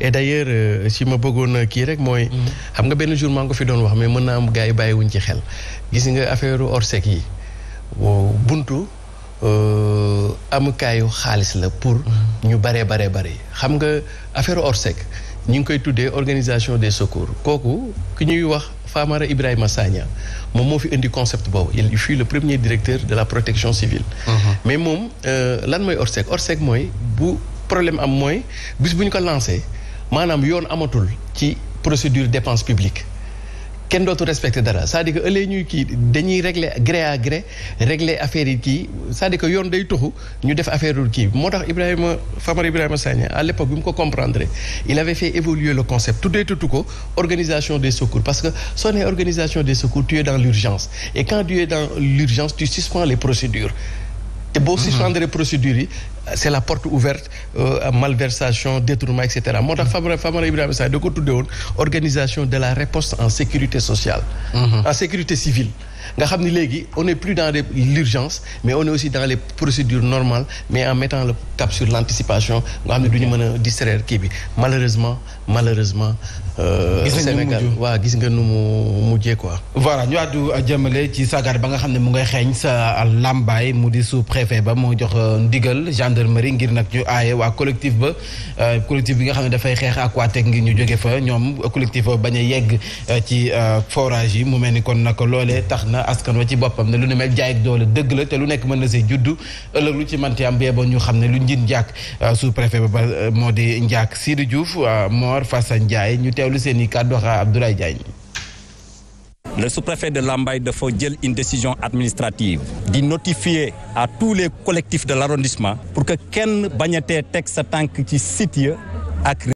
et d' euh, si ma bëggoon euh, kii rek mooy. Mhm. xam nga benn jour maa ngi fi doon wax mais mën naa am gars yi bàyyiwuñ ci xel. gis nga affaire orsec yi buntu euh, amukaayu xaalis la pour. Mhm. ñu baree baree bare xam nga affaire orsec ñu ngi koy tuddee organisation des secours kooku ki ñuy wax. Famara Ibrahima Sagna moom moo fi indi concept boobu il fut le premier directeur de la protection civile mm mais moom lan mooy ORSEC ORSEC mooy bu problème am mooy bis bu ñu ko lancé maanaam yoon amatul ci procédure dépense publique kenn dootu respecté dara c'est-à-dire que ñuy kii dañuy régler gré à gré régler affaire yi kii c'est-à-dire yoon day tuxu ñu def affaire yu kii moo tax Ibrahima Famara Ibrahima Sagna à l'époque bi mu ko comprendre il avait fait évoluer le concept tuddee tutu ko organisation des secours parce que soo nee organisation des secours tu es dans l'urgence et quand tu dans l'urgence tu suspends les procédures te boo suspendre mhm. procédure yi c'est la porte ouverte euh, à malversation détournement et cetera moo tax Famara Famara Ibrahima Sarr da ko tudde de la réponse en sécurité sociale mhm. en sécurité civile nga xam ni léegi on est plus dans l'urgence mais on est aussi dans les procédures normales mais en mettant le cap sur l'anticipation nga xam ne du ñu mën a distraire kii bi malheureusement malheureusement euh, Sénégal waaw gis nga nu mu mujjee quoi voilà ñu àddu jëmale ci sagar ba nga xam ne mu ngay xeeñ sa làmbaay mu di sous préfet ba moo jox euh, ndigal gendarmerie ngir nag ñu aaye waa collectif ba euh, collectif bi nga xam ne dafay xeex ak waa teg ngir ñu jóge fa ñoom collectif ba bañ a yegg ci forage yi mu mel ni na askan wa ci boppam ne lu ne mel jaay ak doole dëgg la te lu nekk mën na see juddu ëllëg lu ci manti am bee ba ñu xam ne lu njin njaak euh, sous préfet ba euh, moo di njaak Sidou Diouf euh, Mor Fassa Ndiaye ñu teewlu seen i kàddu wax Abdoulaye Diagne. Le sous-préfet de Lambaye dafa jël une décision administrative di notifier à tous les collectifs de l'arrondissement pour que kenn bañatee teg sa tànk ci site ya ak